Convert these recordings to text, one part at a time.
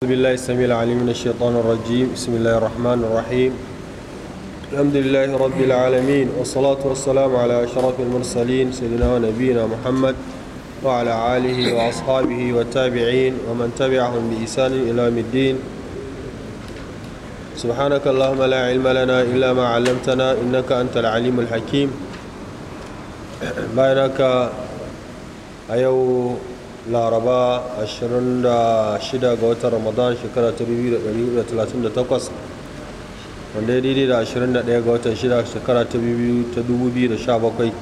أعوذ بالله السميع العليم من الشيطان الرجيم بسم الله الرحمن الرحيم الحمد لله رب العالمين والصلاة والسلام على أشرف المرسلين سيدنا ونبينا محمد وعلى آله وأصحابه والتابعين ومن تبعهم بإحسان إلى يوم الدين سبحانك اللهم لا علم لنا إلا ما علمتنا إنك أنت العليم الحكيم بينك أيوه laraba 26 ga watan ramadan shekara ta wanda ya daidai da 21 ga watan 6 shekara ta 2017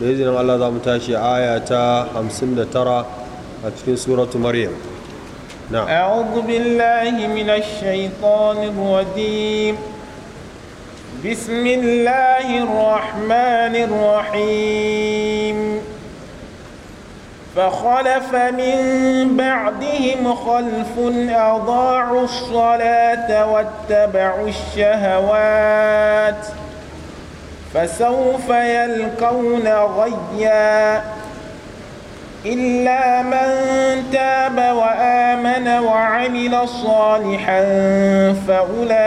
da izinin allah za mu tashi aya ta 59 a cikin suratu maryam na a'udhu billahi minash shaitanir بسم الله الرحمن الرحيم فخلف من بعدهم خلف أضاعوا الصلاة واتبعوا الشهوات فسوف يلقون غيا إلا من تاب وآمن وعمل صالحا فأولئك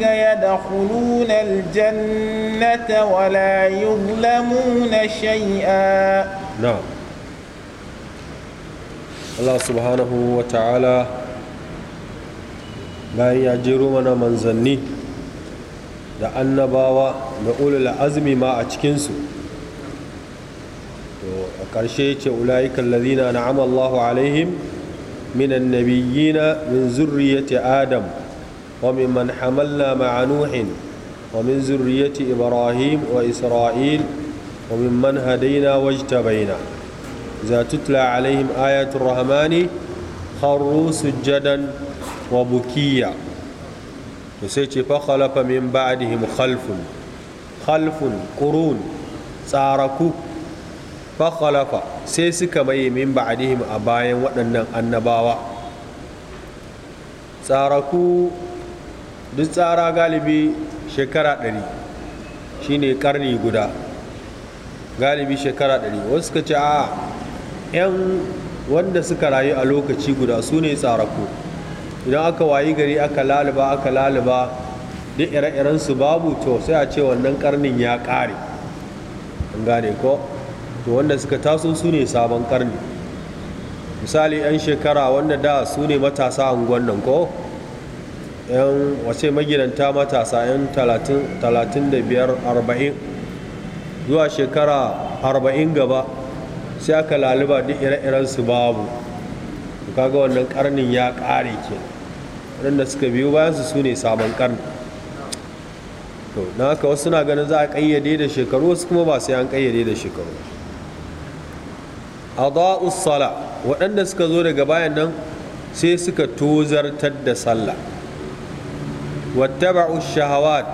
يدخلون الجنة ولا يظلمون شيئا na'am Allah subhanahu wa ta'ala bayan ya jero mana manzanni da annabawa da ulul azmi ma a cikinsu to a ƙarshe ce ula'ikan lalina na amallahu alaihim minan nabiyina min zurriyati adam wa min man hamalna ma'a wa min zurriyati ibrahim wa isra'il وممن هدينا واجتبينا إذا تتلى عليهم آية الرحمن خروا سجدا وبكيا وسيتي فخلف من بعدهم خلف خلف قرون tsaraku fakhalafa sai suka maye min ba'dihim a bayan waɗannan annabawa tsaraku duk tsara galibi shekara ɗari shine ƙarni guda galibi shekara 100 wasu suka ce a 'yan wanda suka rayu a lokaci guda su ne tsarako idan aka wayi gari aka laliba aka laliba duk ire-iren su babu to sai a ce wannan karnin ya ƙare an gane ko to wanda suka taso su ne sabon karni misali 'yan shekara wanda da su ne matasa unguwan nan ko 'yan wace magidanta matasa 'yan 35 40 zuwa shekara arba'in gaba sai aka laliba duk ire-iren su babu kaga wannan karnin ya kare ke waɗanda suka biyo bayan su ne sabon karni to na haka wasu na ganin za a ƙayyade da shekaru wasu kuma ba sai an ƙayyade da shekaru a sala waɗanda suka zo daga bayan nan sai suka tozartar da sallah wattaba'u shahawar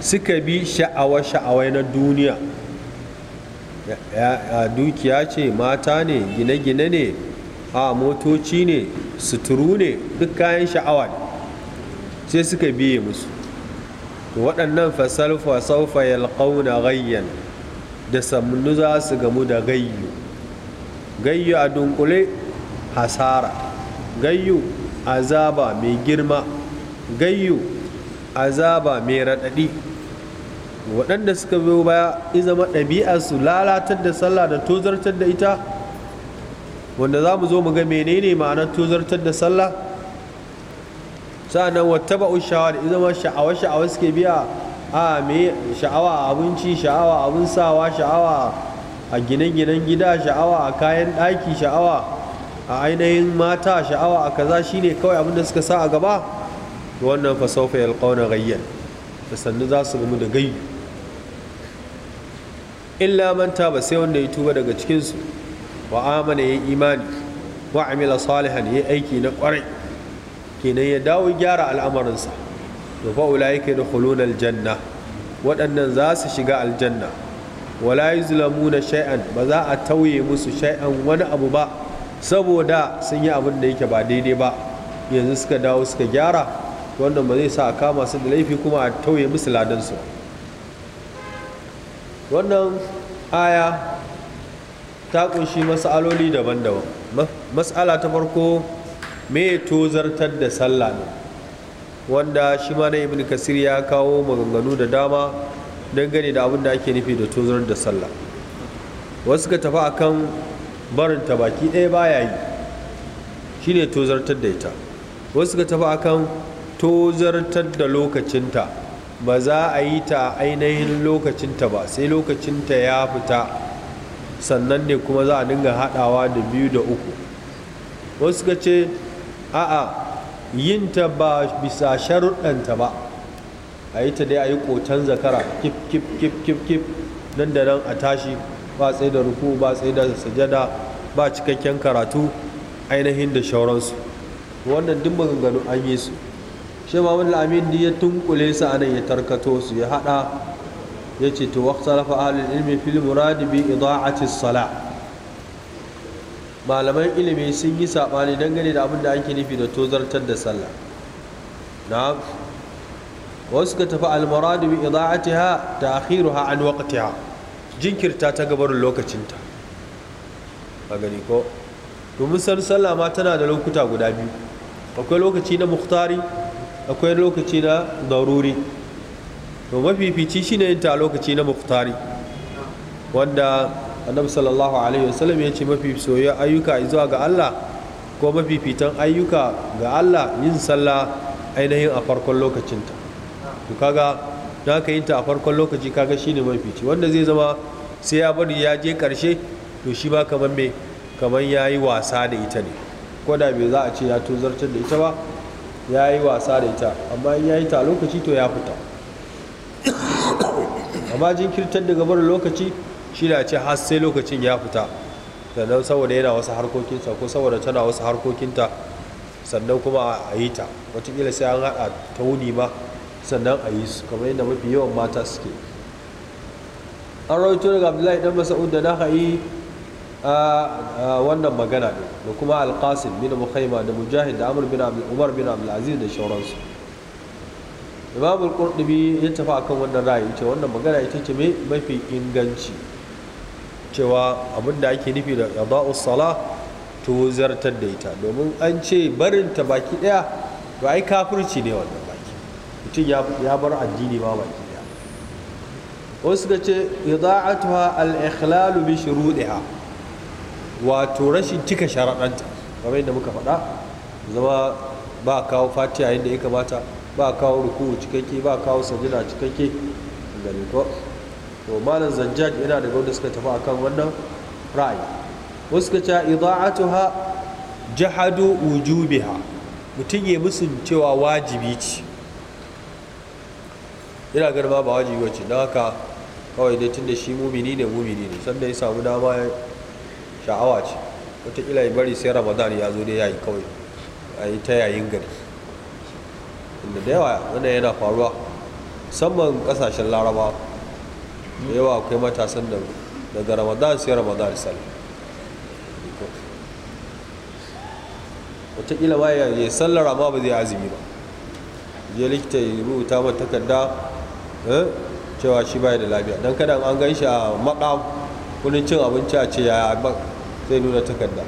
suka bi sha'awa-sha'awai na duniya dukiya ce mata ne gine-gine ne a motoci ne suturu ne duk kayan sha'awa ne sai suka biye musu waɗannan fasalfa saufa ya yalqauna gayyan da samunnu za su gamu da gayyu gayyu a dunkule hasara gayyu azaba mai girma gayyu azaba mai raɗaɗi waɗanda suka biyo baya ya zama su lalatar da sallah da tozartar da ita wanda za mu zo mu ga menene ma'anar tozartar da sallah sa'annan wata ba'u shawar da zama sha'awa sha'awa suke biya a me sha'awa abinci sha'awa abin sawa sha'awa a gine-ginen gida sha'awa a kayan ɗaki sha'awa a ainihin mata sha'awa a kaza shine kawai abin da suka sa a gaba wannan fa saufa yalqauna ghayyan da sannu za su gamu da gayyu illa man ba sai wanda ya tuba daga cikinsu wa amana ya imani wa amila salihan ya aiki na kwarai kenan ya dawo gyara al'amarinsa to fa da yadkhuluna aljanna waɗannan za su shiga aljanna wala na shay'an ba za a tauye musu shay'an wani abu ba saboda sun yi abin da yake ba daidai ba yanzu suka dawo suka gyara wannan ba zai sa a kama su da laifi kuma a tauye musu ladansu wannan aya ta kunshi matsaloli daban-daban matsala ta farko me tozartar da sallah ne wanda shi ma na ibn kasir ya kawo maganganu da dama dangane da abin da ake nufi da tozartar da sallah wasu ka tafi akan barin ta baki ɗaya baya yi shine tozartar da ita wasu ka tafi akan tozartar da lokacinta ba za a yi ta ainihin lokacinta ba sai lokacinta ya fita sannan ne kuma za a dinga haɗawa da biyu da uku wasu ka ce a'a yin ta ba bisa sharuɗanta ba a yi ta dai a yi ƙoton zakara kif kif kif kif kif nan da nan a tashi ba tsaye da ruku ba tsaye da sajada ba cikakken karatu ainihin da shauransu wannan duk maganganu an yi su shi wani lamin ya tunkule su a nan ya tarkato su ya hada ya ce to waqtalafa ahalin ilmi fil muradi bi ida'ati sala malaman ilimi sun yi sabani dangane da abin da ake nufi da tozartar da sallah na wasu ka tafi al-murad bi ida'atiha ta'khiruha an waqtiha jinkirta ta gabarin lokacinta a gani ko domin san sallah ma tana da lokuta guda biyu akwai lokaci na muktari akwai lokaci na daruri to mafifici shi ne ta lokaci na muftari wanda annabi sallallahu alaihi wasallam ya ce mafi soyayya ayyuka zuwa ga Allah ko mafifitan ayyuka ga Allah yin sallah ainihin a farkon lokacinta to kaga da ka yin ta a farkon lokaci kaga shine mafici wanda zai zama sai ya bari ya je karshe to shi ba kamar me kamar yayi wasa da ita ne ko da bai za a ce ya tozartar da ita ba ya yi wasa da ita amma in ya yi ta lokaci to ya fita amma jinkirtar daga barin lokaci shi da ce har sai lokacin ya fita sannan saboda yana wasu harkokinsa ko saboda tana wasu harkokinta sannan kuma a yi ta watakila sai an haɗa ta wuni ma sannan a yi su kamar yadda mafi yawan mata suke an rawaito daga abdullahi dan masa'ud da na hayi wannan magana ne da kuma alqasim bin muhaima da mujahid da amur bin umar bin abdulaziz da shauransu imam al ya tafi akan wannan ra'ayi ce wannan magana ita ce mafi inganci cewa abinda ake nufi da qada'us sala to zartar da ita domin an ce barin ta baki daya to ai kafirci ne wannan baki mutum ya bar addini ma baki daya wasu da ce ida'atuha al-ikhlal bi shuruɗiha wato rashin cika sharaɗanta kamar yadda muka faɗa zama ba kawo fatiha yadda ya kamata ba a kawo ruku'u cikakke ba a kawo sajina cikakke gani ko to malam zanjad yana da wanda suka tafi akan wannan ra'ayi wasu suka ce ida'atuha jahadu wujubiha mutum ya musu cewa wajibi ce yana garba ba wajibi wacce don haka kawai dai tun da shi mumini ne mumini ne sanda ya samu dama sha'awa ce wataƙila ya bari sai ramadan ya zo ne yi kawai a yi ta yayin gari inda da yawa wannan yana faruwa musamman ƙasashen laraba da yawa akwai matasan da daga ramadan sai ramadan sal wataƙila ma ya sallar ma ba zai azumi ba je likita ya rubuta mata takarda eh, cewa shi baya da lafiya don kada an gan shi a maɗa kudin cin abinci a ce yaya ban sai nuna takarda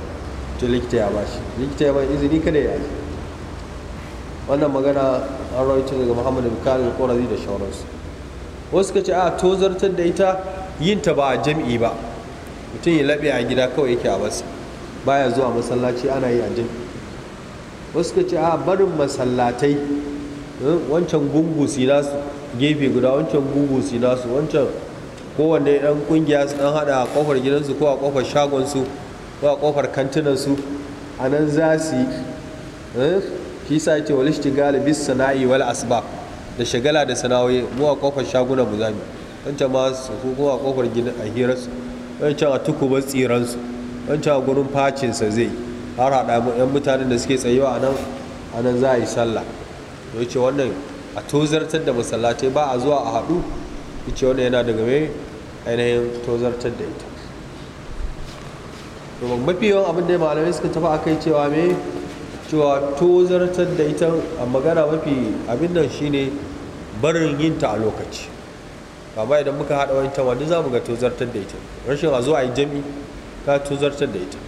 ce likita ya bashi likita ya bashi izini kada ya yi wannan magana an rawaito daga muhammadu bukari da korazi da shauransu wasu ka ce a tozartar da ita yin ta ba a jam'i ba mutum ya laɓe a gida kawai yake a basu baya zuwa masallaci ana yi a jam'i wasu ka ce a barin masallatai eh, wancan gungu si nasu gefe guda wancan gungu si nasu wancan kowanne ɗan ƙungiya su ɗan haɗa a ƙofar gidansu ko a ƙofar shagonsu ko a ƙofar kantinansu a nan za su yi eh? shi sa ce wal gali bis sana'i wal asuba da shagala da sana'o'i mu a ƙofar shaguna mu zami wancan ma su ko a ƙofar gidan a hirarsu can a tukuban tsiransu wancan a gurin facinsa zai har haɗa yan mutanen da suke tsayuwa a nan a nan za a yi sallah ya ce wannan a tozartar da masallatai ba a zuwa a haɗu ce wannan yana daga mai ainihin tozartar da ita to mafi yawan abin da malamai suka tafi akai cewa me cewa tozartar da ita a magana mafi abin nan shine barin yin ta a lokaci ba idan muka haɗa wani wani za mu ga tozartar da ita rashin a zo yi jami ka tozartar da ita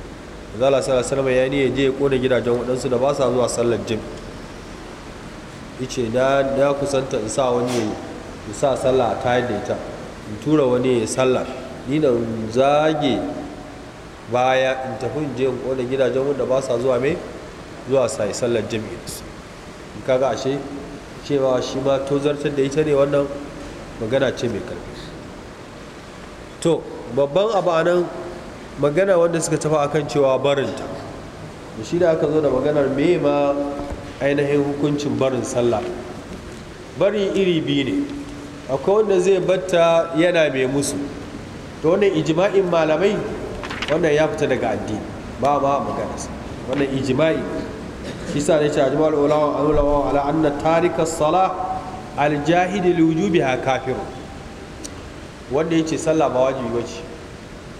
zala sallallahu alaihi ya ne je ya kona gidajen waɗansu da ba sa zuwa sallar jami ice na kusanta in sa wani ya sa sallah a tayar da ita in tura wani ya sallar ni da zage baya in tafi in je ko gidajen wanda ba sa zuwa mai zuwa sa sallar jami'in su in kaga ashe cewa shi ma to zartar da ita ne wannan magana ce mai karfi to babban abu a nan magana wanda suka tafi akan cewa barinta da shi da aka zo da maganar me ma ainihin hukuncin barin sallah bari iri biyu ne akwai wanda zai batta yana mai musu to wannan ijima'in malamai wannan ya fita daga addini ba ma magana wannan ijima'i shi sa ne cewa jama'ar ulama ulama ala anna tarika sala al jahid lil wujubi ha kafiru wanda ce sallah ba wajibi ce.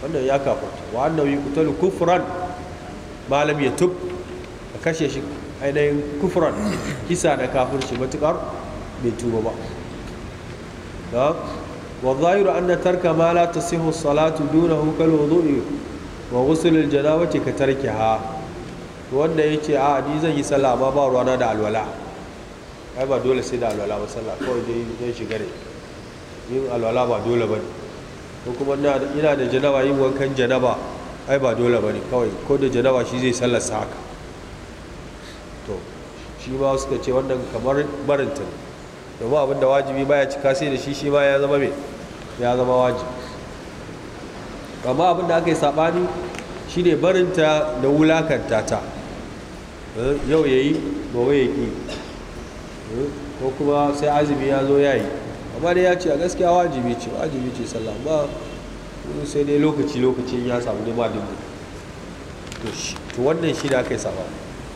wannan ya kafirta wa annahu yuqtalu kufran malam ya tub kashe shi ainihin kufran kisa da kafirci matukar bai tuba ba نعم والظاهر أن ترك ما لا تصح الصلاة دونه كالوضوء وغسل الجنابة كتركها wanda ya ce a ni zan yi sallah amma ba ruwana da alwala ai ba dole sai da alwala ba sallah kawai zan shiga ne yin alwala ba dole ba ne ko kuma ina da janaba yin wankan janaba ai ba dole ba ne kawai ko da shi zai sallar sa haka to shi ma suka ce wannan kamar barinta domin abin da wajibi baya cika sai da shi shi ma ya zama mai ya zama wajibi amma abin da aka yi saɓani shi ne barinta da wulakanta ta yau ya yi gobe ya ƙi ko kuma sai azumi ya zo ya yi amma dai ya ce a gaskiya wajibi ce wajibi ce sallah ba sai dai lokaci lokaci ya samu ne ma dubu to wannan shi da aka yi saɓani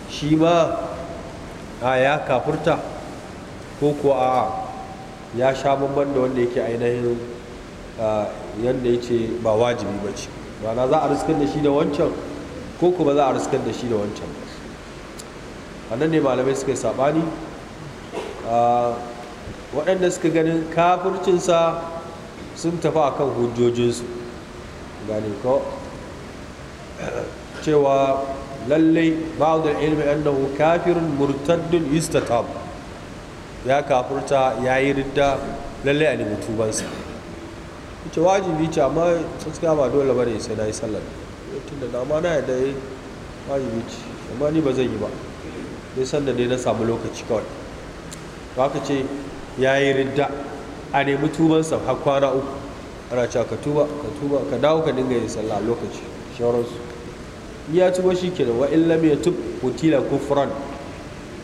shi ma a ya kafurta ko ko a ya sha bamban da wanda yake ainihin yadda ya ce ba wajibi ba ce ma'ana za a riskar da shi da wancan ko ko za a riskar da shi da wancan a nan ne malamai suka yi saɓani waɗanda suka ganin kafircinsa sun tafi a kan hujjojinsu gane ko cewa lallai ba'udar ilmi annahu kafirin murtaddun istatab ya kafurta ya yi ridda lalle a nemi tubansa ita wajibi ce amma tsaska ba dole ba ne sai na yi sallar tun da dama na yadda ya eh, wajibi ce amma ni ba zan yi ba sai sanda dai na samu lokaci kawai to haka ce ya yi ridda a nemi tubansa har kwana uku ana cewa ka tuba ka tuba ka dawo ka dinga yin sallah lokaci shawararsu ya tuba shi ke wa in lam yatub mutila kufran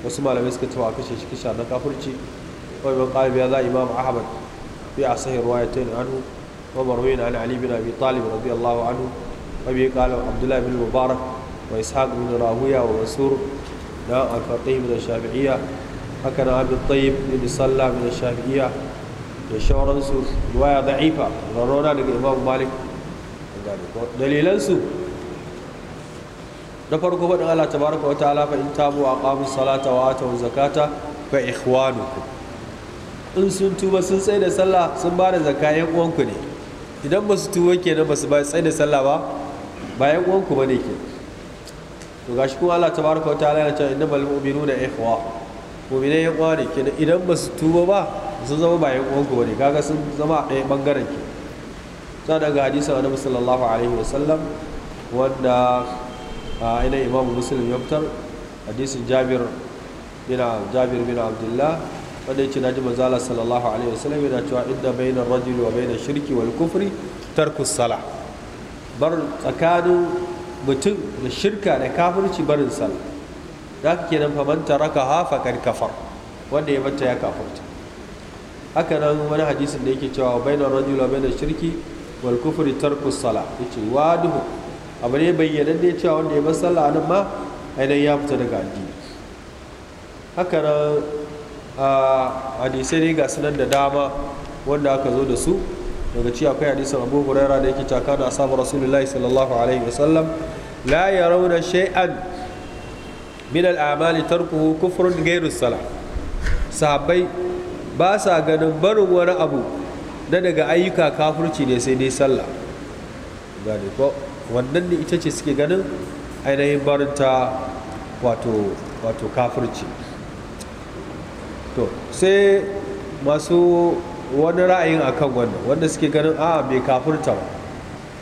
wasu malamai suka cewa kashe shi kisha na kafirci wai man qala biya za imam ahmad bi asahi riwayatayn anhu wa marwayin an ali bin abi talib radiyallahu anhu wa bi qala abdullah bin mubarak wa ishaq bin rahuya wa mansur da al-faqih min ash-shafi'iyya haka na abin tayyib bin sallah min ash-shafi'iyya da shauransu riwaya da'ifa rarona daga imam malik dalilansu na farko faɗin Allah tabaraka wa ta'ala fa in tabu wa aqamu salata wa atu zakata fa ikhwanukum in sun tuba sun tsaye da sallah sun ba da zakka yan uwanku ne idan ba su tuba kenan ba su ba tsaye da sallah ba ba yan uwanku bane ke to gashi kuma Allah Ta tabaraka wa ta'ala yana cewa innamal mu'minuna ikhwa mu'minai yan uwa ne kenan idan ba su tuba ba sun zama ba yan uwanku bane kaga sun zama a ɗaya bangaren ke sai daga hadisi annabi sallallahu alaihi wasallam wanda a ina imamu muslim ya fitar hadisin jabir bin jabir bin abdullah wanda yace naji manzo Allah sallallahu alaihi wasallam yana cewa inda bainar rajuli wa bainar shirki wal kufri tarku salah bar tsakanin mutum da shirka da kafirci barin sallah da haka kenan fa man tarakaha faqad kafar wanda ya bata ya kafirta haka nan wani hadisin da yake cewa bainar rajuli wa bainar shirki wal kufri tarku salah yace waduhu abu ne bayyanan ya cewa wanda ya bar sallah nan ma ainihin ya fita daga addini haka nan a hadisai ne ga sanar da dama wanda aka zo da su daga ci akwai hadisin abu huraira da yake caka da asabar rasulullahi sallallahu alaihi wasallam la ya rauna shay'an min al'amali tarko kufrun gairu sala sahabbai ba sa ganin barin wani abu na daga ayyuka kafurci ne sai dai sallah wannan ne ita ce suke ganin ainihin barinta wato wato kafirci to sai masu wani ra'ayin akan wannan wanda suke ganin a ah, mai kafirta ba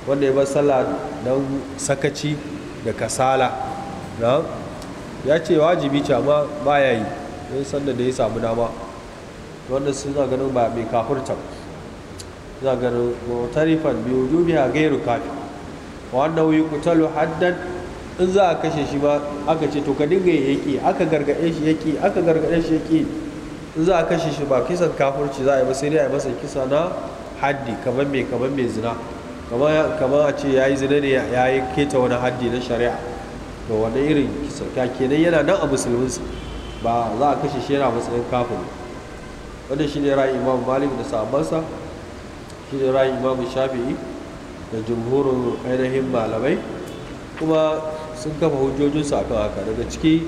wanda ya sallah don sakaci da kasala ya ce wajibi ce amma ba ya yi don sanda da ya samu dama wanda suna ganin ba mai kafirta ba suna ganin mutarifan biyu dubiya gairu kafin wanda wuyi yuqtalu haddan in za a kashe shi ba aka ce to ka dinga yaki aka gargaɗe shi yaki aka gargaɗe shi yaki in za a kashe shi ba kisan kafurci za a yi ba sai dai a yi masa kisa na haddi kamar mai kamar mai zina kamar a ce ya yi zina ne ya yi keta wani haddi na shari'a to wani irin kisa ka kenan yana nan a musulminsu ba za a kashe shi yana matsayin kafin wanda shi ne ra'ayin imam malik da sabansa shi ne ra'ayin imam shafi'i da jumhurin ainihin malamai kuma sun kafa hujjojinsu akan haka daga ciki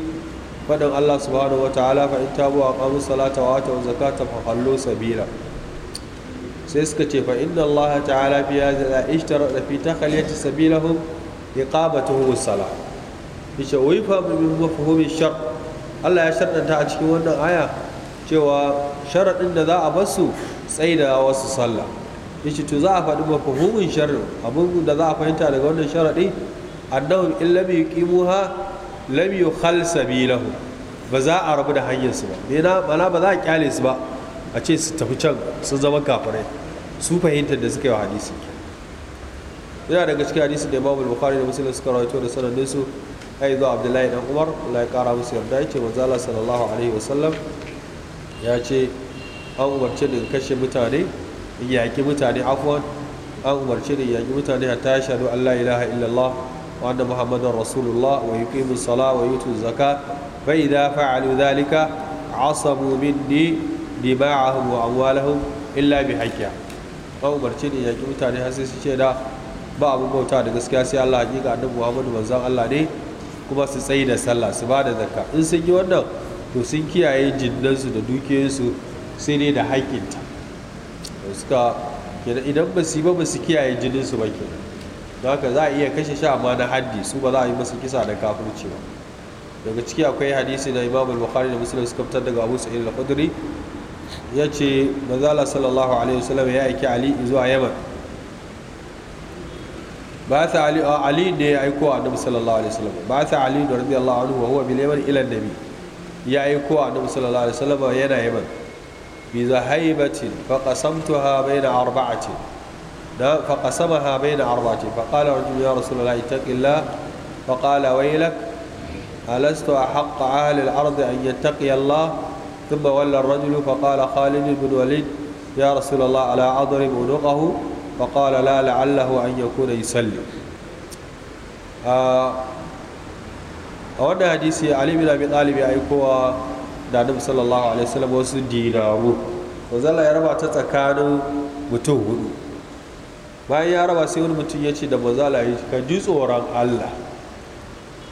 faɗin allah subhanahu wa ta'ala fa in tabu a ƙamu salata wa ta zakata fa sabila sai suka ce fa inna allah ta'ala biya da ishtara da fi takhaliyati sabilahum iqabatuhum as-salah yace wa yufamu min mafhumi shar allah ya sharɗanta a cikin wannan aya cewa sharaɗin da za a basu tsaida wasu sallah yace to za a faɗi mafhumin sharri abin da za a fahimta daga wannan sharaɗi annahu in lam yuqimuha lam yukhal sabilahu ba za a rabu da hanyar su ba mena mana ba za a kyale su ba a ce su tafi can sun zama kafirai su fahimtar da suka yi wa hadisi yana daga cikin hadisi da Imam Bukhari da Muslim suka rawaito da sanadin su ai zuwa Abdullahi dan Umar Allah ya kara musu yarda yace manzo Allah sallallahu alaihi wasallam ya ce an umarci da kashe mutane yaƙi mutane afuwan an umarci da yaƙi mutane a ya da Allah ilaha illallah wa anna rasulullah wa yuqimu sala wa tun zaka bai idza fa'alu dhalika asabu minni dima'ahum wa amwalahum illa bi haqqiha an umarci da yaƙi mutane har sai su ce da ba abin bauta da gaskiya sai Allah hakika da muhammadu manzon Allah ne kuma su tsayi da sallah su ba da zakka in sun yi wannan to sun kiyaye jinnansu da dukiyarsu sai ne da haƙƙinta suka idan ba su yi ba ba su kiyaye jininsu ba ke da haka za a iya kashe shi amma na haddi su ba za a yi masu kisa da kafirci ba daga ciki akwai hadisi da imam al-bukhari da muslim suka fitar daga abu sa'id al-khudri ya ce manzala sallallahu alaihi wasallam ya aiki ali zuwa yaman ba ta ali ali ne ya aiko annabi sallallahu alaihi wasallam ba ta ali radiyallahu anhu wa huwa bil yaman ila nabi ya aiko annabi sallallahu alaihi wasallam yana yaman bi zahaibatin fa qasamtuha bayna arba'atin da fa qasamaha bayna arba'atin fa qala rajul ya rasulullahi taqillah fa qala waylak alastu ahqqa ahli ثم ولى الرجل فقال خالد بن وليد يا رسول الله على أضرب فقال لا لعله أن يكون a wannan hadisi ali bin abi talib aikowa da adam sallallahu alaihi wasallam wasu dinaru manzo Allah ya raba ta tsakanin mutum hudu bayan ya raba sai wani mutum ya ce da manzo Allah ka ji tsoron Allah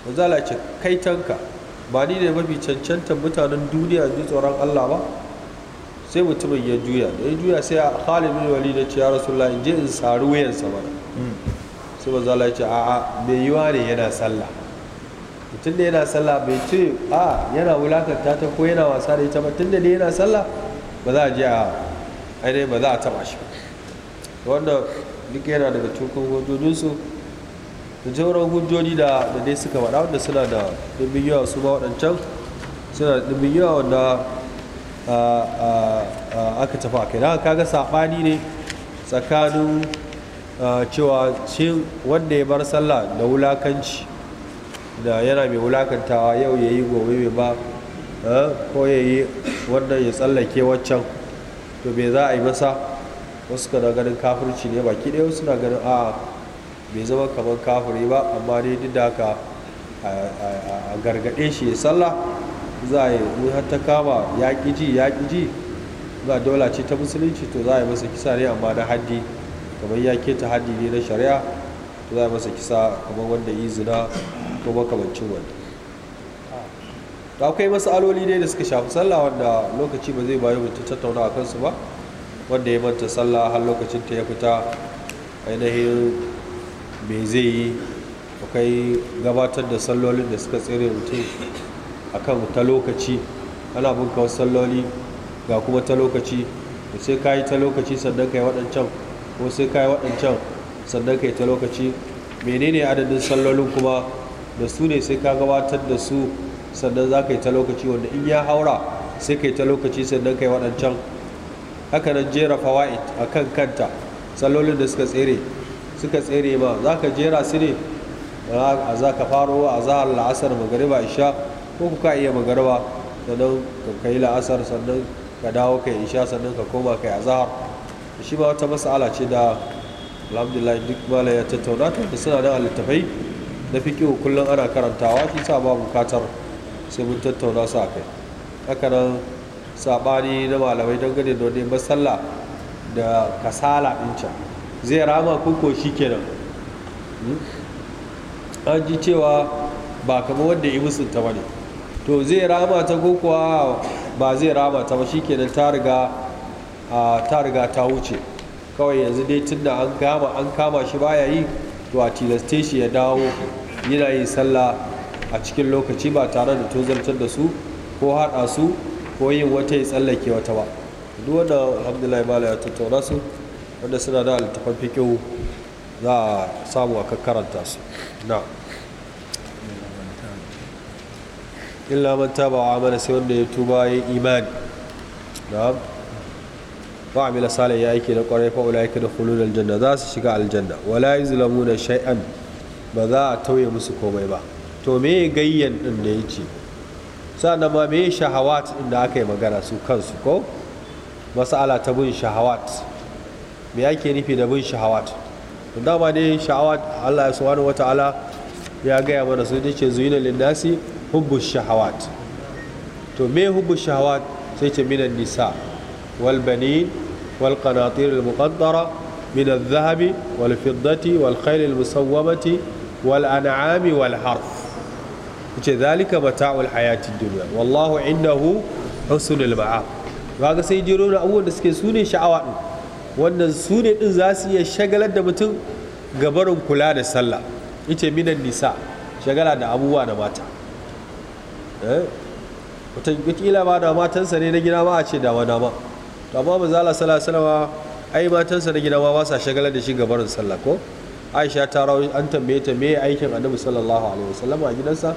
manzo Allah ce kai tanka ba ni ne mafi cancantar mutanen duniya ji tsoron Allah ba sai mutumin ya juya da ya juya sai Khalid bin Walid ya ce ya Rasulullah in je in sari wuyansa ba hmm. sai manzo Allah ya ce a'a bai yiwa ne yana sallah mutum da yana sallah bai ce a yana wulakanta ta ko yana wasa da ita ba tun da ne yana sallah ba za a je a ainihin ba za a taba shi wanda duk yana daga cikin hujjojinsu da jauran hujjoji da dai suka faɗa wanda suna da ɗimbin yawa su ba waɗancan suna da ɗimbin yawa wanda aka tafi a kai ka kaga saɓani ne tsakanin cewa shi wanda ya bar sallah da wulakanci da yana mai wulakantawa yau ya yi gobe mai ba ko ya yi wannan ya tsallake waccan to bai za a yi masa wasu kana ganin kafirci ne baki ɗaya suna ganin a bai zama kamar kafiri ba amma dai duk da ka a gargaɗe shi ya sallah za a yi in har ta kama ya ji ya ji ba dola ce ta musulunci to za a yi masa kisa ne amma na haddi kamar ya keta haddi ne na shari'a za a yi masa kisa kamar wanda yi zina ko makamancin wanda da akwai aloli dai da suka shafi sallah wanda lokaci ba zai bayo mutum tattauna a kansu ba wanda ya manta sallah har lokacin ta ya fita ainihin me zai yi akwai gabatar da sallolin da suka tsere mutum kan ta lokaci ana bunka wasu salloli ga kuma ta lokaci da sai ka yi ta lokaci sannan ka yi waɗancan ko sai ka yi waɗancan sannan ka yi ta lokaci menene adadin sallolin kuma da su ne sai ka gabatar da su sannan za ka yi ta lokaci wanda in ya haura sai ka yi ta lokaci sannan ka yi waɗancan haka nan jera fawa'id a kan kanta salolin da suka tsere suka tsere ma za ka jera su ne a za ka faro a zahar la'asar magariba isha ko kuka iya magariba sannan ka yi la'asar sannan ka dawo ka yi isha sannan ka koma ka yi azahar shi ba wata mas'ala ce da alhamdulillah duk mala ya tattauna ta suna da a littafai na fi kyau kullum ana karantawa shi sa ba bukatar sai mun tattauna su a kai tsakanin saɓani na malamai dangane da wani masalla da kasala ɗinca zai rama koko shi kenan hmm? an ji cewa ba kama wanda yi musu ta ne to zai rama ta ko kuwa ba zai rama ta ba shikenan ta riga ta riga ta wuce kawai yanzu dai tunda an an kama shi baya yi to a tilaste shi ya dawo yana yin sallah a cikin lokaci ba tare da tozartar da su ko haɗa su ko yin wata ya tsallake wata ba duk wanda alhamdulillah ba ya tattauna su wanda suna da littafan fikihu za a samu a karanta su na illa man taba wa amana sai wanda ya tuba ya imani na ba amila salih ya aiki da kwarai fa ulaika da khulul aljanna za su shiga aljanna wala yuzlamuna shay'an ba za a tauye musu komai ba to me gayyan din da ya ce sannan ma me shahawat din da aka yi magana su kansu ko masala ta bin shahawat me ake nufi da bin shahawat dama ne shahawat Allah ya subhanahu wata'ala ya gaya mana sun ce zuyina linnasi hubbu shahawat to me hubbu shahawat sai ce minan nisa wal banin wal qanatir al muqaddara min al dhahabi wal fiddati wal khayl al musawwamati wal an'ami wal harf yace zalika mata'ul hayatid dunya wallahu indahu husnul ma'a kaga sai jiro na abubuwan da suke su ne sha'awa din wannan su din za su iya shagalar da mutum kula da sallah minan nisa shagala da abubuwa da mata kila eh? ba da matansa ne na gida ma a ce dama dama to amma manzo Allah sallallahu alaihi wasallam ai matansa na gina ma ba sa shagalar da shi gabarin sallah ko aisha ta rawa an tambaye ta me aikin annabi sallallahu alaihi wasallam a gidansa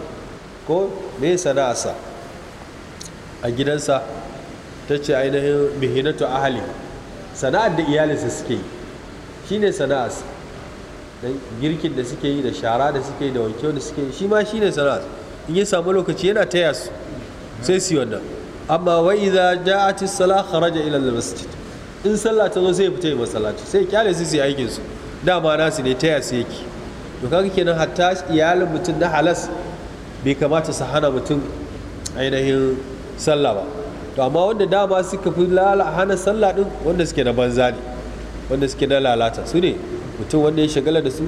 ko me sana'arsa a gidansa ta ce ainihin mihinatu ahali sana'ar da iyalinsa suke yi ne sana'arsa da girkin da suke yi da shara da suke yi da wanke da suke yi shi ma ne sana'ar in ya samu lokaci yana taya su sai su yi wannan amma wai idza ja'atis salah kharaja ila al-masjid in sallah ta zo sai fita yi masallaci sai kyale su su yi aikin su dama nasu ne ta yasi yake to kaga kenan hatta iyalin mutum na halas bai kamata su hana mutum ainihin sallah ba to amma wanda dama suka fi hana sallah din wanda suke na banza ne wanda suke na lalata su ne mutum wanda ya shagala da su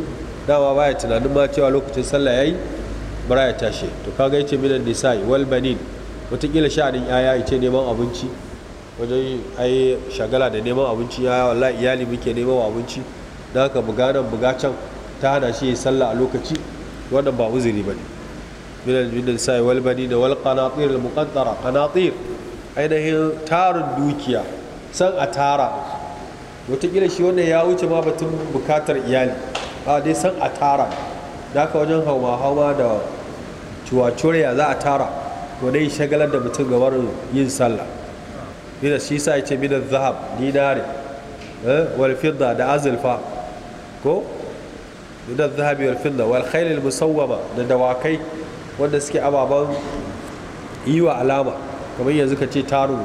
dama baya tunanin ma cewa lokacin sallah yayi bara ya tashi to kaga yace minan nisa'i wal banin watakila sha'anin yaya yace neman abinci wajen ai shagala da neman abinci ya wallahi iyali muke neman abinci da aka buga nan buga can ta hana shi ya sallah a lokaci wannan ba uzuri ba ne minal minal sai walbani da wal qanatir al muqaddara qanatir ainihin tarin dukiya san a tara wataƙila shi wannan ya wuce ma batun bukatar iyali ba dai san a tara da aka wajen hauwa hauwa da cuwacuriya za a tara to dai shagalar da mutum gabar yin sallah mina shi sa ya ce mina zahab dinare eh, wal fidda da azulfa ko da zahabi wal finna wal khayl al musawwama da dawakai wanda suke ababan yi wa alama kamar yanzu ka ce tarin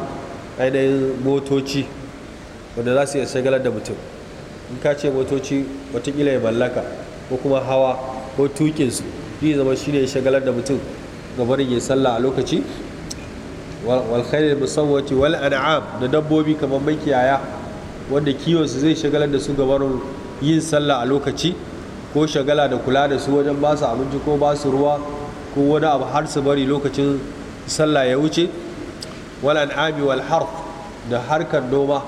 ainihin motoci wanda za su iya shagalar da mutum in ka ce motoci watakila ya mallaka ko kuma hawa ko tukinsu yi zama shi ne ya shagalar da mutum ga barin ya sallah a lokaci wal khairil musawwati wal an'am da dabbobi kamar makiyaya wanda kiwon su zai shagalar da su ga barin yin sallah a lokaci ko shagala da kula da su wajen ba su abinci ko ba su ruwa ko wani abu har su bari lokacin sallah ya wuce walan abi wal harf da harkar noma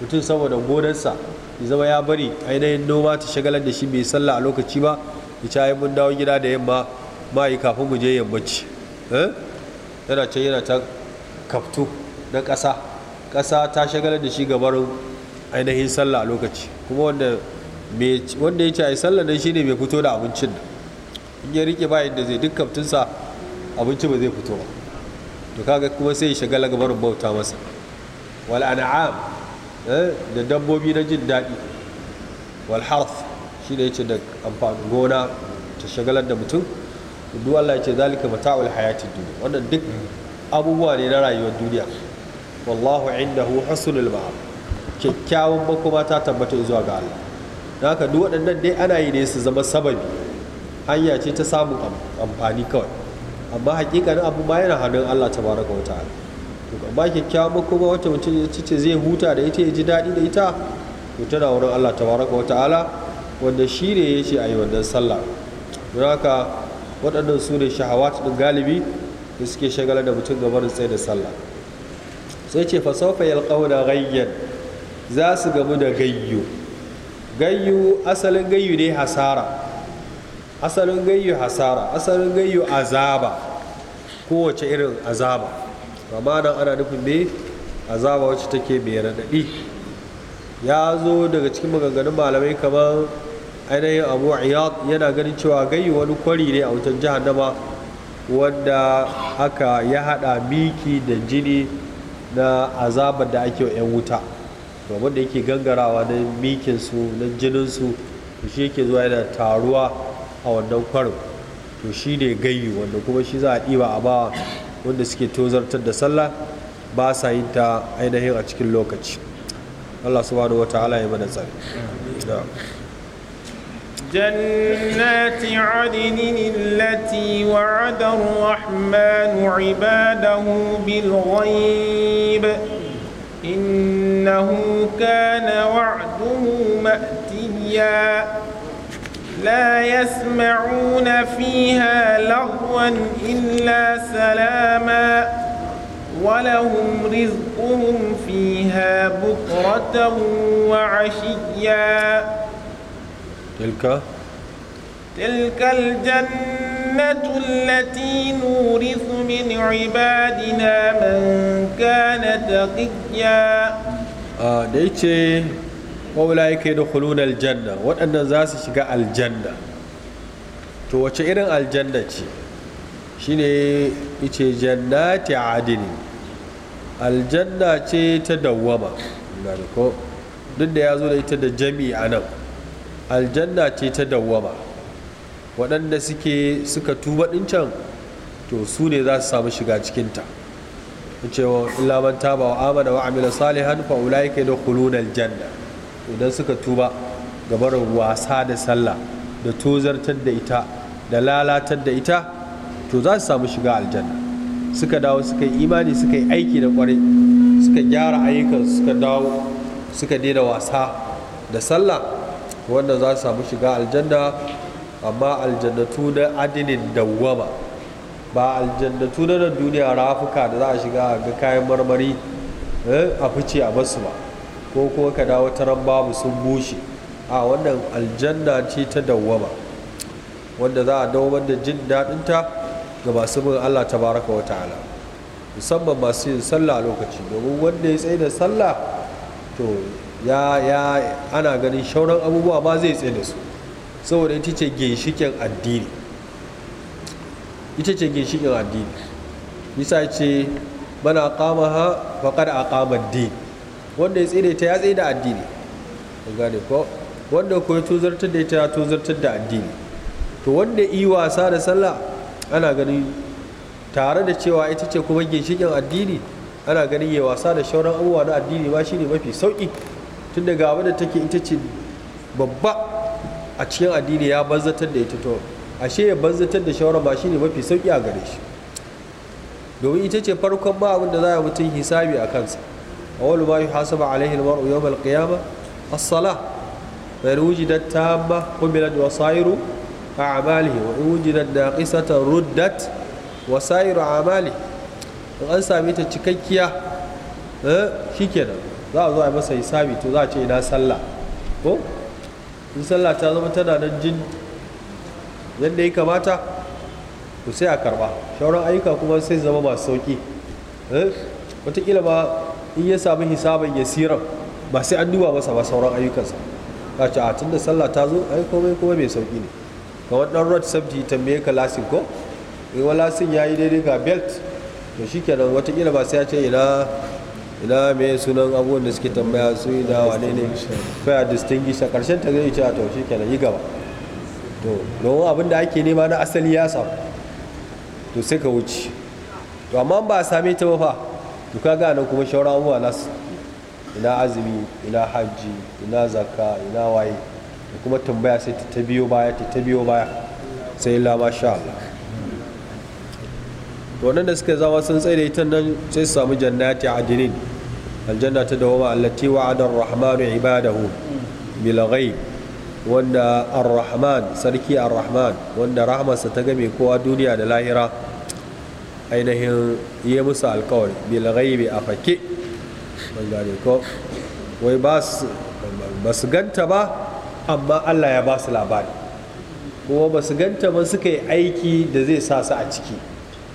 mutum saboda gonarsa ya zama ya bari ainihin noma ta shagalar da shi bai sallah a lokaci ba ya ci mun dawo gida da yamma ma yi kafin mu je yammaci eh? yana can yana ta kaftu na ƙasa ƙasa ta shagalar da shi gabarin ainihin sallah a lokaci kuma wanda wanda ya ce a yi sallar nan shine mai fito da abincin in ya rike bayan da zai duk kaftinsa abinci ba zai fito ba to kaga kuma sai ya shiga lagabarin bauta masa wal an'am eh, da dabbobi na jin daɗi wal harf shi ne ce da amfanin gona ta shagalar da mutum duk Allah ce zalika mata'ul hayatid dunya wannan duk abubuwa ne na rayuwar duniya wallahu indahu husnul ma'ab kyakkyawan makoma ta tabbata zuwa ga Allah da haka duk waɗannan dai ana yi ne su zama sababi hanya ce ta samun amfani kawai amma hakikanin abu ma yana hannun Allah ta baraka wa ta'ala to amma kyakkyawan kuma wata mutum ya ce zai huta da ita ya ji daɗi da ita to tana wurin Allah ta baraka wa ta'ala wanda shi ne ya ce a yi wannan sallah don haka waɗannan su ne shahawa ta galibi da suke shagala da mutum gaba da tsaye da sallah sai ce fa sawfa yalqawna ghayyan za su gamu da gayyo gayyu asalin gayyu ne hasara asalin gayyu hasara asalin gayyu azaba kowace irin azaba amma nan ana nufin ne azaba wacce take mai raɗaɗi ya zo daga cikin maganganun malamai kamar ainihin abu iyad yana ganin cewa gayyu wani kwari ne a wutan jahannama wanda haka ya haɗa miki da jini na azabar da ake wa 'yan wuta domin da yake gangarawa na mikinsu na jininsu to shi yake zuwa yana taruwa a wannan kwarin to shi ne gayyu wanda kuma shi za a ɗiba a bawa wanda suke tozartar da sallah ba sa yin ta ainihin a cikin lokaci Allah subhanahu ala ya mana tsari جنات عدن التي وعد الرحمن عباده بالغيب إنه كان وعده مأتيا لا يسمعون فيها لغوا إلا سلاما ولهم رزقهم فيها بكرة وعشيا تلك تلك الجنة التي نورث من عبادنا من كان تقيا Ah, da ya ce waula yake da hulun aljanna waɗanda za su shiga aljanna to wace irin aljanna ce shi ne ce janna ta adini aljanna ce ta dawwama duk da ya zo da ita da jami'a nan aljanna ce ta dawwama waɗanda suke suka tuba can to su ne za su samu shiga cikinta cewa illa man taba wa amana wa amila salihan fa da yadkhuluna aljanna idan suka tuba gabarin wasa da sallah da tozartar da ita da lalatar da ita to za su samu shiga aljanna suka dawo suka yi imani suka yi aiki da kwarai suka gyara ayyukan suka dawo suka daina wasa da sallah wanda za su samu shiga aljanna amma aljannatu na adinin dawwama ba aljannatu na nan duniya rafuka da za a shiga a ga kayan marmari eh, a fice a basu ba ko kuma ka dawo ran babu sun bushe a wannan aljanna ce ta dawwama wanda za a dawamar da jin daɗinta ga masu bin allah ta baraka wa ta'ala musamman masu yin sallah lokaci domin wanda ya tsaye da sallah to ya ya ana ganin shauran abubuwa ba zai tsaye da su saboda ita ce ginshikin addini ita ce ginshiƙin addini nisa ce bana kama ha faƙar a kama din wanda ya tsere ta ya tsere da addini gane ko wanda ko ya tuzartar da ita ya tuzartar da addini to wanda yi wasa da sallah ana ganin tare da cewa ita ce kuma ginshiƙin addini ana ganin yi wasa da shauran abubuwa na addini ma shine mafi sauƙi tun daga abin da take ita ce babba a cikin addini ya banzatar da ita to ashe ya banzatar da shawara ba shi ne mafi sauki a gare shi domin ita ce farkon ba abin za a mutum hisabi a kansa a awwal ma yuhasabu alaihi almar'u asala alqiyamah as-salah da ta ba tamma da wasairu a'malihi wa da da naqisatan ruddat wasairu amali in an sami ta cikakkiya eh, shikenan za a zo a masa hisabi to za a ce ina sallah ko in sallah ta zama tana nan jin yadda ya kamata ku sai a karba shauran ayyuka kuma sai zama masu sauki eh, wataƙila ba in ya sami ya siran ba sai an duba masa ba sauran ayyukansa ta ce a tun da sallah ta zo ayi komai kuma mai sauki ne kamar ɗan rod sabji tambaye ka lasin ko in eh, wa lasin ya yi daidai ga belt to shi kenan watakila ba sai ya ce ina ina mai sunan abubuwan da suke tambaya su ina wane ne faya distinguish a ƙarshen ta zai ce a to kenan yi gaba to domin abin da ake nema na asali ya samu to sai ka wuce to amma ba a same ta ba fa to ka gane kuma shauran abubuwa ina azumi ina hajji ina zakka ina waye da kuma tambaya sai ta biyo baya ta ta biyo baya sai la masha Allah to wannan da suka zama sun tsaye da ita nan sai su samu jannati adilin aljanna ta dawama allati wa'ada ar-rahmanu ibadahu bil ghaib wanda ar-rahman sarki ar-rahman wanda rahmarsa ta game kowa duniya da lahira ainihin yi musu alkawari bilagai bai a fake ko wai ba su ganta ba amma Allah ya ba su labari kuma ba su ganta ba suka yi aiki da zai sa su a ciki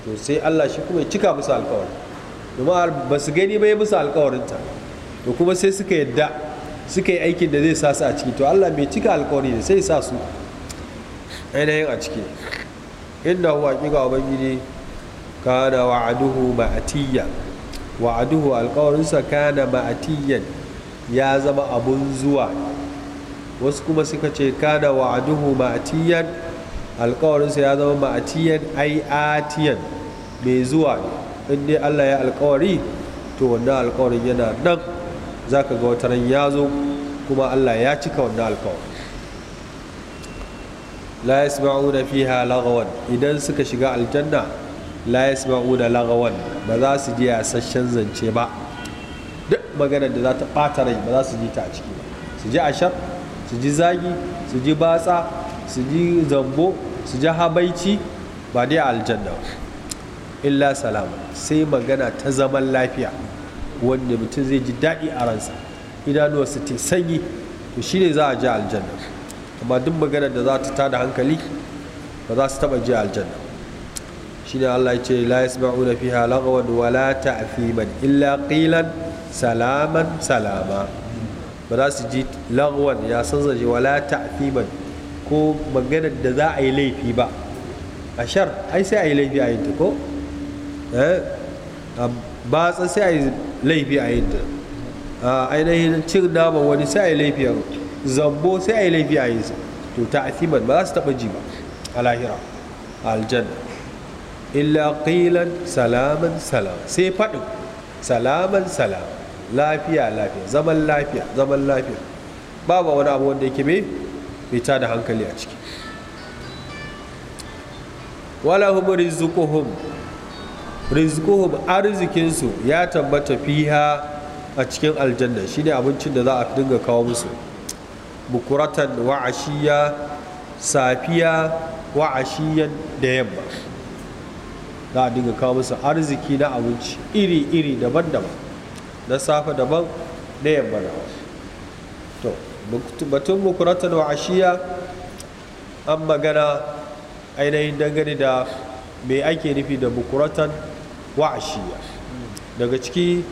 to sai Allah shi kuma ya cika musu alkawari domin ba su gani ba ya musu alkawarinta to kuma sai suka yadda suka yi aikin da zai sa su a ciki to Allah bai cika alkawari da sai sa su ainihin a ciki inda huwa hakika ubangiji kana wa'aduhu ma'atiyya aduhu alkawarinsa kana ma'atiyyan ya zama abun zuwa wasu kuma suka ce kana wa'aduhu ma'atiyan alkawarinsa ya zama ma'atiyan ai atiyan mai zuwa in dai Allah ya alkawari to wannan alkawarin yana nan za ka ga wata ran ya zo kuma allah ya cika wannan alkawar la yasma'una fiha lagawan idan suka shiga aljanna la yasma'una lagawan ba za su ji sashen zance ba duk maganar da za ta ɓata rai ba za su ji ta a ciki ba su ji ashar su ji zagi su ji batsa su ji zambo su ji habaici ba dai a aljanna illa salama sai magana ta zaman lafiya wanda mutum zai ji daɗi a ransa idanuwarsa ta sanyi to ne za a ji aljanna amma duk magana da za ta tada hankali ba za su taɓa ji aljanna ne Allah ya ce la yasma'una fiha lagwan wala ta'thiman illa ƙilan salaman salama ba za su ji lagwan ya san zaje wala ta'thiman ko maganar da za a yi laifi ba a shar ai sai a yi laifi a yi ta ko eh? ba sai a yi laifi a yinta ainihin cin nama wani sai a yi laifi a zambo sai a yi laifi a yinsa to ta asiman ba za su taɓa ji ba a lahira a aljanna illa qilan salaman salam sai faɗin salaman salam lafiya lafiya zaman lafiya zaman lafiya ba ba wani abu wanda yake mai fita da hankali a ciki wala hum zukuhun rizquhum arzikinsu ya tabbata fiha a cikin aljanna ne abincin da za a dinga kawo musu bukuratan wa ashiya safiya wa ashiyan da yamma za a dinga kawo musu arziki na abinci iri-iri daban-daban na safe daban na yamma daban to batun bukuratan wa ashiya an magana ainihin dangane da me ake nufi da bukuratan wa'ashiya daga ciki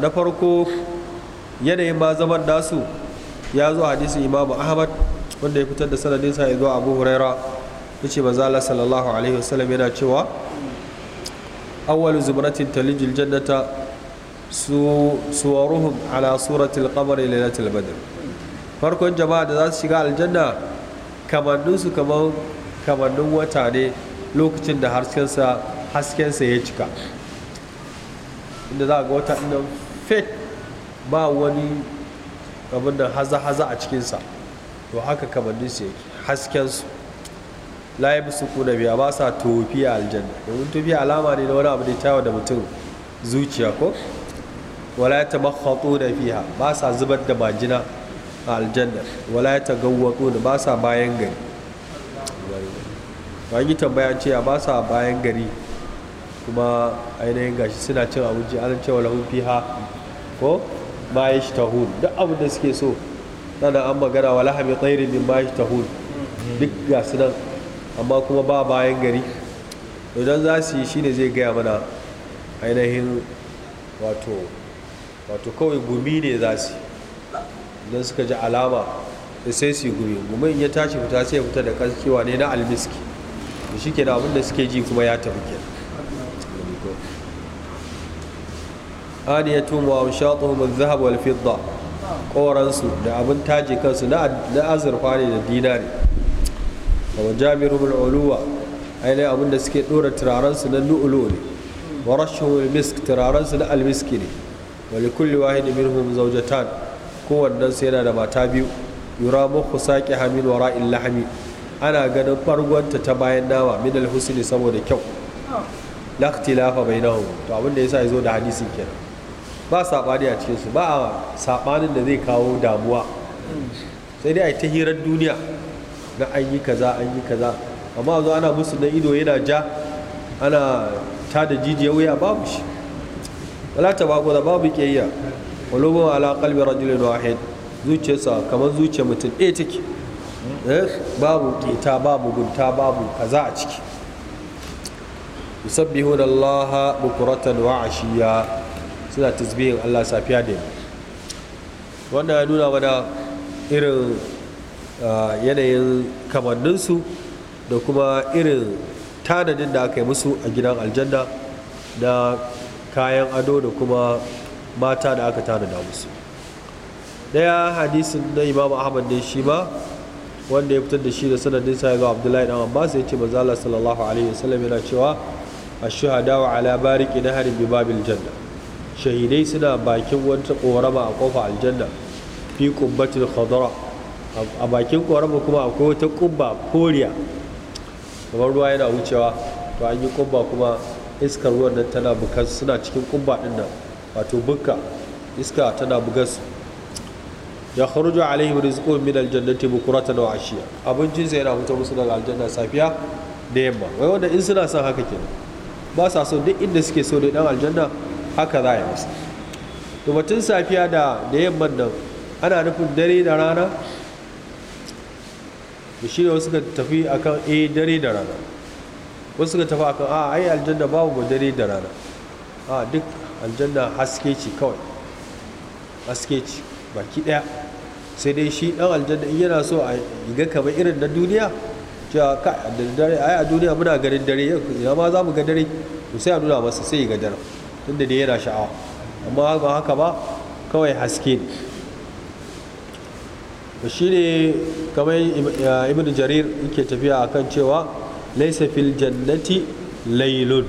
na farko yanayin ma zaman nasu ya zo hadisin imamu ahmad wanda ya fitar da sanadinsa ya zo abu huraira ya ce sallallahu alaihi wasallam yana cewa awwal zumratin talijil jannata suwaruhum ala suratil qamari lailatul badr farkon jama'a da za su shiga aljanna kamanninsu kamar kamannin wata ne lokacin da sa haskensa ya cika inda za a ga wata inda fet ba wani abin da haza-haza a cikinsa to haka kamannin su yake haskensu la yi su kuna biya ba sa a aljanna domin tofi alama ne na wani abu da yawa da mutum zuciya ko wala ya taba da fiya ba sa zubar da majina a aljanna wala ya ta gawwato da ba sa bayan gari ba yi tambaya cewa ba sa bayan gari kuma ainihin gashi suna cin abinci an cewa lahun fiha ko ma ya shi tahun duk abin da suke so nana an magana wa lahami tsairin min ma ya shi tahun duk ga su nan amma kuma ba bayan gari idan za su yi shine zai gaya mana ainihin wato wato kawai gumi ne za su idan suka ji alama sai su yi gumi in ya tashi fita sai ya fita da kaskewa ne na almiski da shi ke abin da suke ji kuma ya tafi kenan aniyatuhum wa amshatuhum adh-dhahab wal fidda koransu da abun taje kansu na azurfa ne da dinari wa jamirhum al-uluwa ainihin da suke dora su na lu'ulu ne wa rashhum al-misk su na almiski ne wa li kulli wahid minhum zawjatan kowannen su yana da mata biyu yura muku saqi hamin wara'il lahmi ana ganin fargonta ta bayan nama min al-husni saboda kyau la ikhtilafa bainahum to abin da yasa yazo da hadisi kenan ba saɓani a cikinsu ba a saɓanin da zai kawo damuwa sai dai a yi ta hirar duniya na an yi kaza an yi kaza amma zuwa ana musu na ido yana ja ana ta da jijiya wuya babu shi wala ta bako babu ƙiyayya walobin ala kalbi rajulun wahid zuciyarsa kamar zuciyar mutum ɗaya take eh, babu ƙeta babu gunta babu kaza a ciki yusabbihu allaha bukuratan wa ashiya suna tasbihin Allah safiya da wanda ya nuna mana irin ah, yanayin kamanninsu da kuma irin tanadin da aka yi musu a gidan aljanna na kayan ado da kuma mata da aka tanada musu daya hadisin na Imam ahmad ne shi ma wanda ya fitar da shi da sanadin sa ga abdullahi dan abbas ya ce manzo Allah sallallahu alaihi wasallam yana cewa ash-shuhada ala bariki naharin bi babil janna shahidai suna bakin wata korama a kofa aljanna fi ƙubbatin khadara a bakin korama kuma akwai wata ƙubba koriya kamar ruwa yana wucewa to an yi ƙubba kuma iskar ruwan nan tana bukas suna cikin ƙubba ɗin nan wato bukka iska tana bugan su ya kharuju alaihi rizqu min aljannati bukratan wa ashiya abincin sai yana fito musu daga aljanna safiya da yamma wai wanda in suna son haka kenan ba sa so duk inda suke so dai dan aljanna haka za a yi masa to batun safiya da da yamman nan ana nufin dare da rana da shi ne wasu ka tafi akan a eh, dare da rana wasu ka tafi akan a ah, ai aljanna babu ba dare da rana a ah, duk aljanna haske ce kawai haske ce baki daya sai dai shi dan aljanna in yana so a yi ga kamar irin na duniya cewa kai dare ai a duniya muna ganin dare ina ma za mu ga dare to sai a nuna masa sai yi ga dare tunda da yana sha'awa amma ba haka ba kawai haske ne shi ne kamar ibn jarir yake tafiya a kan cewa laisa fil jannati laylun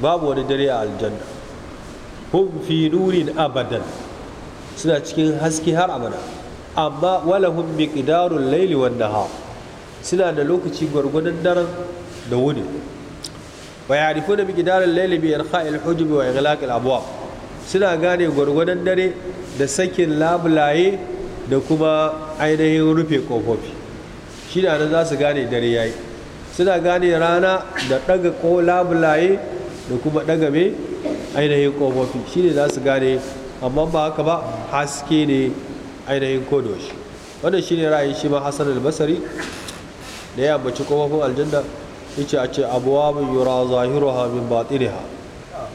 babu wani dare a aljanna hun fi nurin abadan suna cikin haske har abada amma wala bi ƙidarun laili wanda ha suna da lokaci gwargwadon daren da wuni wa ya'rifuna bi gidarin layli biyar irqa'il hujub wa ighlaqil suna gane gwargwadon dare da sakin labulaye da kuma ainihin rufe kofofi shi da za su gane dare yayi suna gane rana da daga ko labulaye da kuma daga mai ainihin kofofi shi ne za su gane amma ba haka ba haske ne ainihin kodoshi wannan shi ne ra'ayi shi ma hassan albasari da ya ambaci kofofin aljanna yace a ce abuwabu yura zahiruha min ha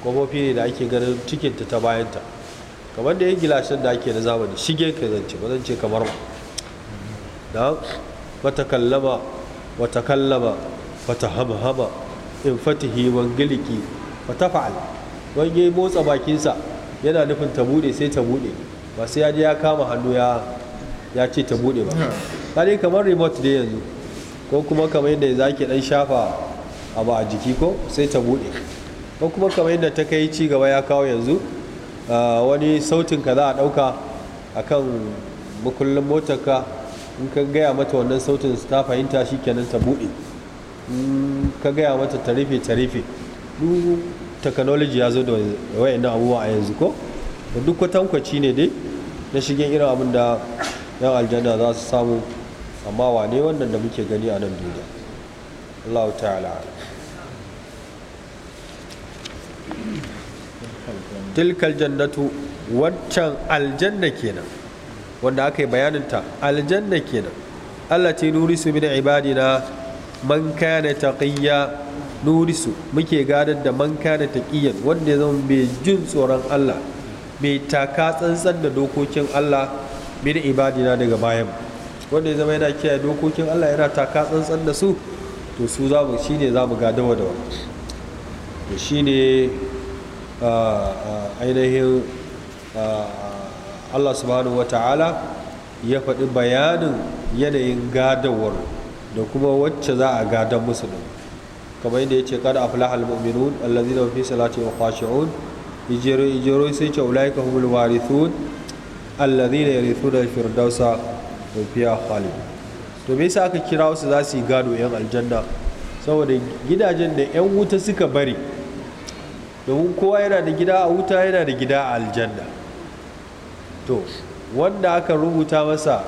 kofofi ne da ake ganin cikinta ta bayanta kamar da ya gilashin da ake na zamani shige ka zance ba zan ce kamar ba da matakallama watakallama fatahamhama in fatihi wangiliki wata wani ya motsa bakinsa yana nufin ta bude sai ta bude ba sai ya kama hannu ya ce ta bude ba kare kamar remote dai yanzu ko kuma kamar yadda zaki dan shafa abu a jiki ko sai ta buɗe ko kuma kamar yadda ta kai ci gaba ya kawo yanzu wani sautin ka za a ɗauka akan makullin ka in ka gaya mata wannan sautin ta fahimta shi kenan ta buɗe in ka gaya mata ta rufe ta rufe duk technology ya zo da wayannan abubuwa a yanzu ko duk kwatankwaci ne dai na shigen irin abin da yan aljanna za su samu amma wane wannan da muke gani a nan duniya Allah ta'ala tilkal jannatu waccan aljanna kenan wanda aka yi bayaninta aljanna kenan Allah ce nurisu min ibadina man kana taqiyya nurisu muke gadar da man kana taqiyan wanda ya zama mai jin tsoron Allah mai taka tsantsan da dokokin Allah min ibadina daga bayan wanda ya zama yana kiyaye dokokin Allah yana taka tsantsan da su to su za mu shine za mu wa da wa. to shine ainihin Allah subhanahu wa ta'ala ya faɗi bayanin yanayin gadawar da kuma wacce za a gada musu din kamar yadda ya ce kada aflahal mu'minun allazina fi wa khashi'un ijero ijero sai ce ulaika humul warithun allazina yarithuna al-firdausa mai khalid to me yasa aka kira su za su yi gado yan aljanna saboda gidajen da yan wuta suka bari domin kowa yana da gida a wuta yana da gida a aljanna to wanda aka rubuta masa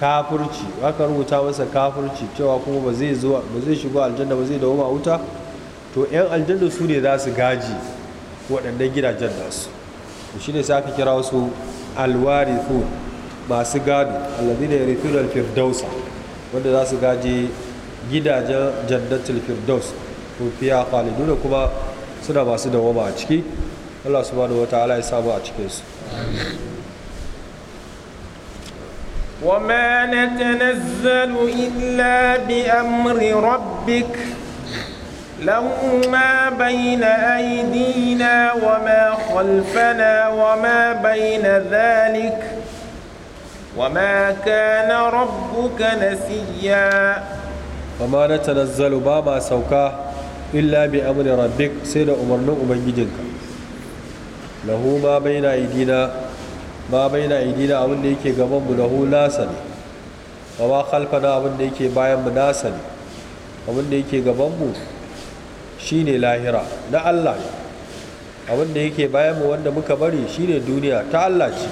kafirci aka rubuta masa kafirci cewa kuma ba zai zuwa ba zai shigo aljanna ba zai dawo a wuta to yan aljanna su ne za su gaji waɗannan gidajen nasu shi ne sa aka kira su alwarithun masu gado alladhina yarithuna al-firdaus wanda za su gaji gidajen jannatul firdaus hum fiha khaliduna kuma suna masu dawama a ciki Allah subhanahu wataala ya samu a cikin su وما نتنزل إلا بأمر ربك له ما بين أيدينا وما خلفنا وما بين ذلك وما كان ربك نسيا وما نتنزل بابا سوكا إلا بأمر ربك سيد أمرنا أبنجدك له ما بين أيدينا ما بين أيدينا أبن ديك غمم له ناسني وما خلفنا أبن ديك بايم ناسني أبن ديك غمم shine lahira na Allah ne abin da yake bayan mu wanda muka bari shine duniya ta Allah ce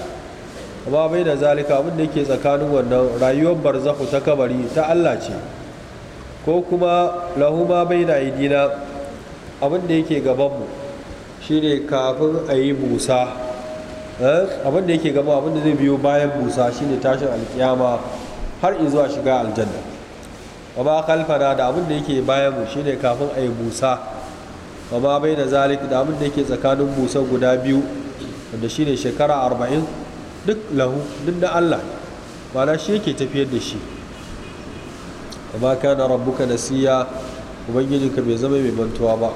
amma bai da zalika abin da yake tsakanin wannan rayuwar barzahu ta kabari ta Allah ce ko kuma lahuma bai da idina abin da yake gabanmu shine kafin a yi busa eh, abin da yake gaba abin da zai biyo bayan busa shine tashin alkiyama har zuwa shiga aljanna amma kalfana da abin da yake bayan mu shine kafin a yi busa amma bai da zalika da abin da yake tsakanin busa guda biyu wanda shine shekara arba'in duk da Allah ba shi yake tafiyar da shi amma ka na rabuka da siya ubangijinka bai zama mai mantuwa ba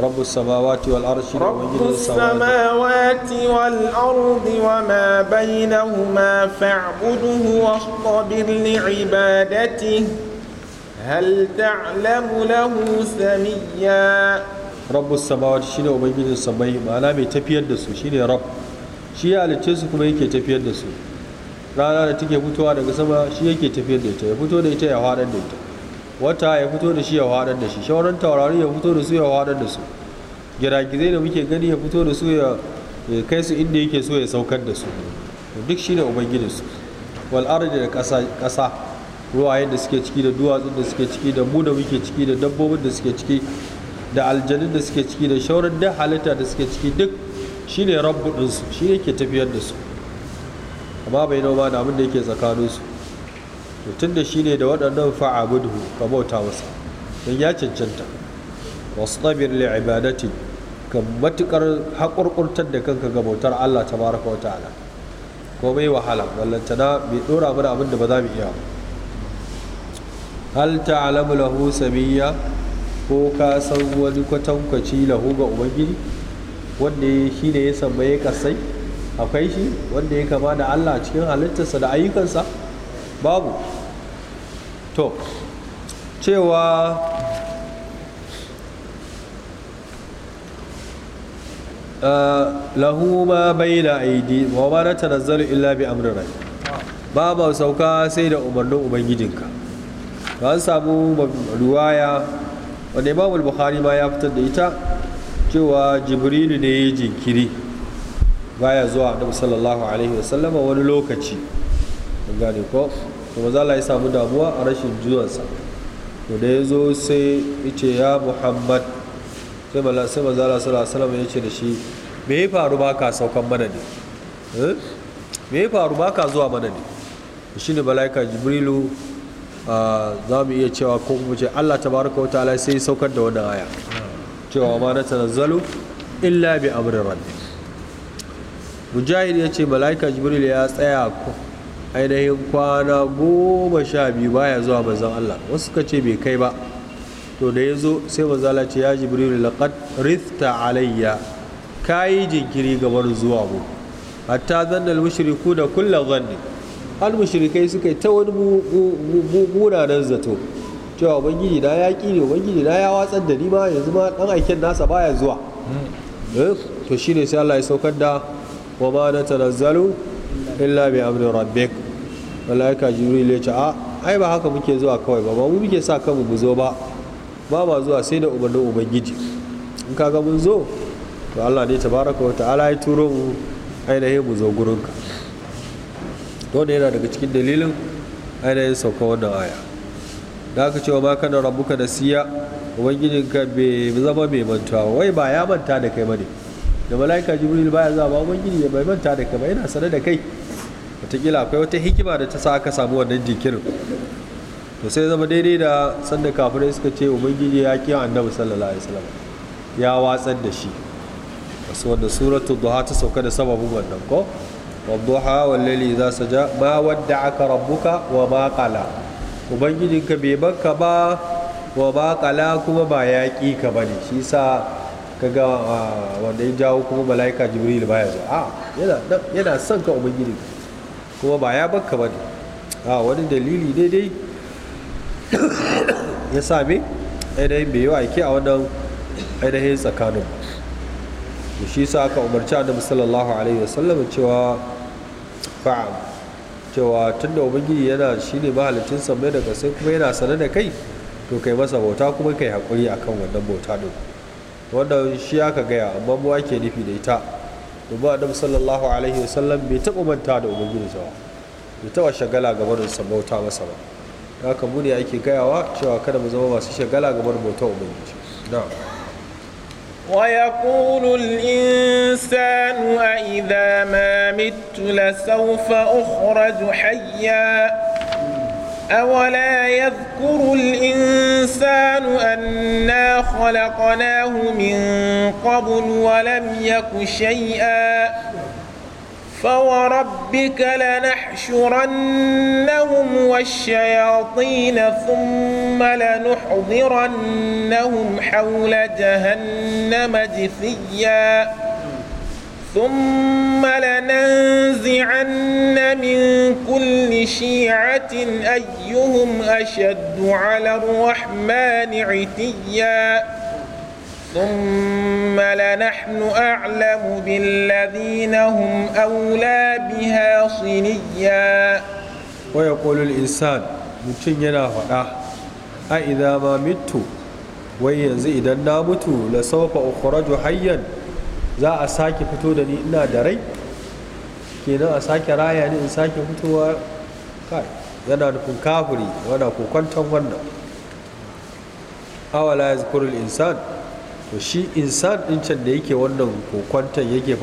rabu samawa ti wal arshi da ubangijin samawa ti wal arzi wa ma bai na huma fa'abudu wa stabil ni ibadati hal ta'lamu lahu samiya rabu samawa ti shi ne ubangijin samai ma'ana mai tafiyar da su shi ne rabu shi ya halicce su kuma yake tafiyar da su rana da take fitowa daga sama shi yake tafiyar da ita ya fito da ita ya haɗar da ita wata ya fito da shi ya haɗar da shi shawaran taurari ya fito da su ya haɗar da su giragizai da muke gani ya fito da su ya kai su inda yake so ya saukar da su duk shi ne ubangijinsu su ardi da ƙasa ruwayen da suke ciki da duwatsun da suke ciki da mu da muke ciki da dabbobin da suke ciki da aljanun da suke ciki da shauran da halitta da suke ciki duk shi ne rabu ɗinsu shi yake tafiyar da su amma bai noma da abin da yake tsakaninsu to tun da shi ne da waɗannan fa'abudu ka bauta masa don ya cancanta wasu tsabir li'ibadatin ka matuƙar haƙurƙurtar da kanka ga bautar Allah ta baraka wa ta'ala ko mai wahala ballantana bai ɗora mana abin da ba za mu iya ba. hal alamu lahu samiyya ko ka san wani kwatankwaci lahu ga ubangiji wanda shi ne ya sambaye kasai akwai shi wanda ya kama da Allah cikin halittarsa da ayyukansa babu to cewa lahu ma baina aidi ma ba na tanazzalu illa bi amrin ba babu sauka sai da umarnin ubangijinka an samu ruwaya wanda imamul bukhari ma ya fitar da ita cewa jibrilu ne ya yi jinkiri baya zuwa annabi sallallahu alaihi wasallama wani lokaci gane ko to maza Allah ya samu damuwa a rashin juwansa to da ya zo sai ya ce ya muhammad sai maza Allah sallallahu alaihi ya ce da shi me ya faru ba ka saukan mana ne eh? me ya faru ba ka zuwa mana ne shi ne mala'ika jibrilu ah, za mu iya cewa ko kuma ce Allah tabaraka wa ta'ala sai saukar da wannan aya cewa ba na tanazzalu illa bi amrin rabbi mujahid ya ce mala'ika jibril ya tsaya ainihin kwana goma sha biyu baya zuwa manzan Allah wasu ka ce bai kai ba to da ya zo sai manzon ce ya jibril laqad rifta alayya kayi jinkiri gabar zuwa mu hatta zanna al da kullu dhanni al-mushrikai suka yi ta wani munanan zato cewa ubangiji na ya ƙi ne ubangiji na ya watsar da ni ma yanzu ma ɗan aiken nasa baya zuwa eh, to shine sai Allah ya saukar da wa ma na tanazzalu illa bi amri rabbik malaika jibril ya ce a ah, ai ba haka muke zuwa kawai ba ba mu muke sa kanmu mu zo ba ba ma zuwa sai da umarnin ubangiji in kaga mun zo to Allah ne tabaraka wa ta'ala ya turo mu ainihin mu zo gurinka to ne yana daga cikin dalilin ainihin sauka wannan aya da aka cewa ma kana rabbuka da siya ubangijinka bai zama mai mantuwa wai ba ya manta da kai bane da mala'ika jibril baya zuwa ba ubangiji ya bai manta da kai ba yana sanar da kai wataƙila akwai wata hikima da ta sa aka samu wannan jinkirin to sai zama daidai da sanda kafirai suka ce ubangiji ya kiyan annabi sallallahu alaihi wasallam ya watsar da shi wasu wanda suratu duha ta sauka da sababin wannan ko wadduha wallali za su ja ma aka rabbuka wa ma qala ubangijinka bai baka ba wa ba kala kuma ba ya ƙi ka ba ne shi sa ga ah, wanda ya jawo kuma mala'ika jibril ba ya zuwa ah, a yana son ka ubangijin kuma ba ya baka ba ne a ah, wani dalili daidai ya sami ainihin bai yi aiki a wannan ainihin tsakanin shi sa aka umarci annabi sallallahu alaihi wasallam cewa fa'am cewa tun da ubangiji yana shi ne mahalicin sammai daga sai kuma yana sane da kai to kai masa bauta kuma kai hakuri kan wannan bauta ɗin wannan shi ka gaya amma mu ake nufi da ita domin adam sallallahu alaihi wasallam bai taɓa manta da ubangiji sa bai taɓa shagala ga barin sa masa ba haka mu ne ake gayawa cewa kada mu zama masu shagala ga barin bauta ubangiji na'am ويقول الإنسان أإذا ما مت لسوف أخرج حيا أولا يذكر الإنسان أنا خلقناه من قبل ولم يك شيئا فوربك لنحشرنهم والشياطين ثم لنحضرنهم حول جهنم جثيا ثم لننزعن من كل شيعة أيهم أشد على الرحمن عتيا ثم لنحن أعلم بالذين هم أولى بها صنيا ويقول الإنسان mutum yana faɗa a idza ma mitu wai yanzu idan na mutu la sawfa ukhraju za a sake fito da ni ina da rai kenan a sake raya ni in sake fitowa kai yana nufin kafiri wannan awala insan to shi insan ɗin can da yake wannan kokwantan yake